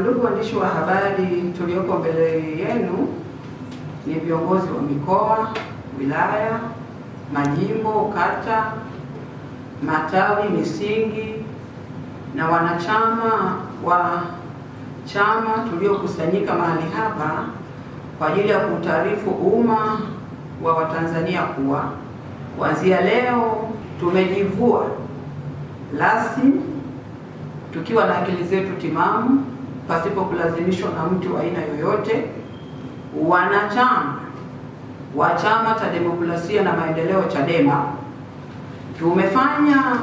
Ndugu waandishi wa habari, tulioko mbele yenu ni viongozi wa mikoa, wilaya, majimbo, kata, matawi, misingi na wanachama wa chama tuliokusanyika mahali hapa kwa ajili ya kutaarifu umma wa Watanzania kuwa kuanzia leo tumejivua rasmi tukiwa na akili zetu timamu pasipo kulazimishwa na mtu aina yoyote. Wanachama wa Chama cha Demokrasia na Maendeleo, Chadema, tumefanya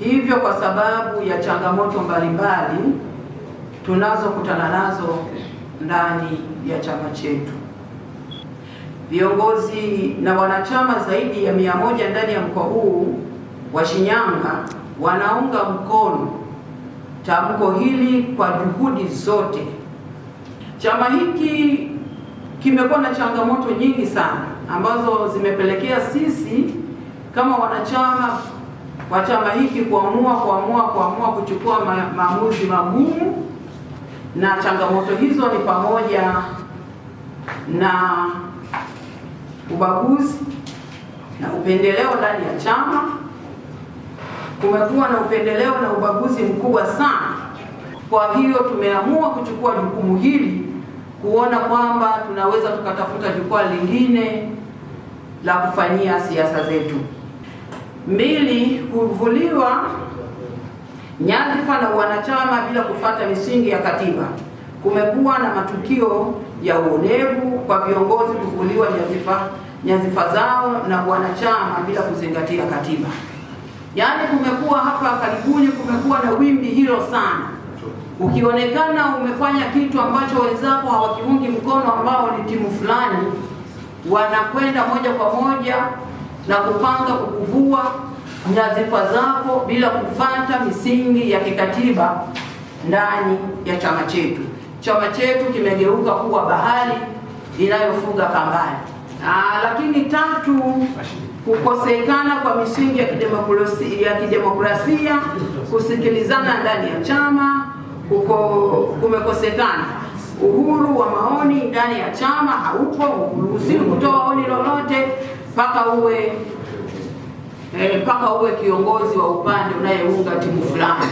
hivyo kwa sababu ya changamoto mbalimbali tunazokutana nazo ndani ya chama chetu. Viongozi na wanachama zaidi ya mia moja ndani ya mkoa huu wa Shinyanga wanaunga mkono tamko hili kwa juhudi zote. Chama hiki kimekuwa na changamoto nyingi sana ambazo zimepelekea sisi kama wanachama wa chama hiki kuamua kuamua kuamua kuchukua maamuzi magumu, na changamoto hizo ni pamoja na ubaguzi na upendeleo ndani ya chama kumekuwa na upendeleo na ubaguzi mkubwa sana. Kwa hiyo tumeamua kuchukua jukumu hili kuona kwamba tunaweza tukatafuta jukwaa lingine la kufanyia siasa zetu. Mbili, kuvuliwa nyadhifa na wanachama bila kufata misingi ya katiba. Kumekuwa na matukio ya uonevu kwa viongozi kuvuliwa nyadhifa nyadhifa zao na wanachama bila kuzingatia katiba. Yaani kumekuwa hapa karibuni, kumekuwa na wimbi hilo sana. Ukionekana umefanya kitu ambacho wenzako hawakiungi mkono, ambao ni timu fulani, wanakwenda moja kwa moja na kupanga kukuvua nyadhifa zako bila kufata misingi ya kikatiba ndani ya chama chetu. Chama chetu kimegeuka kuwa bahari inayofuga kambani. Aa, ah, lakini tatu, kukosekana kwa misingi ya kidemokrasia, ya kidemokrasia kusikilizana ndani ya chama kuko, kumekosekana uhuru wa maoni ndani ya chama haupo, uruhusiwi kutoa oni lolote mpaka uwe eh, mpaka eh, uwe kiongozi wa upande unayeunga timu fulani.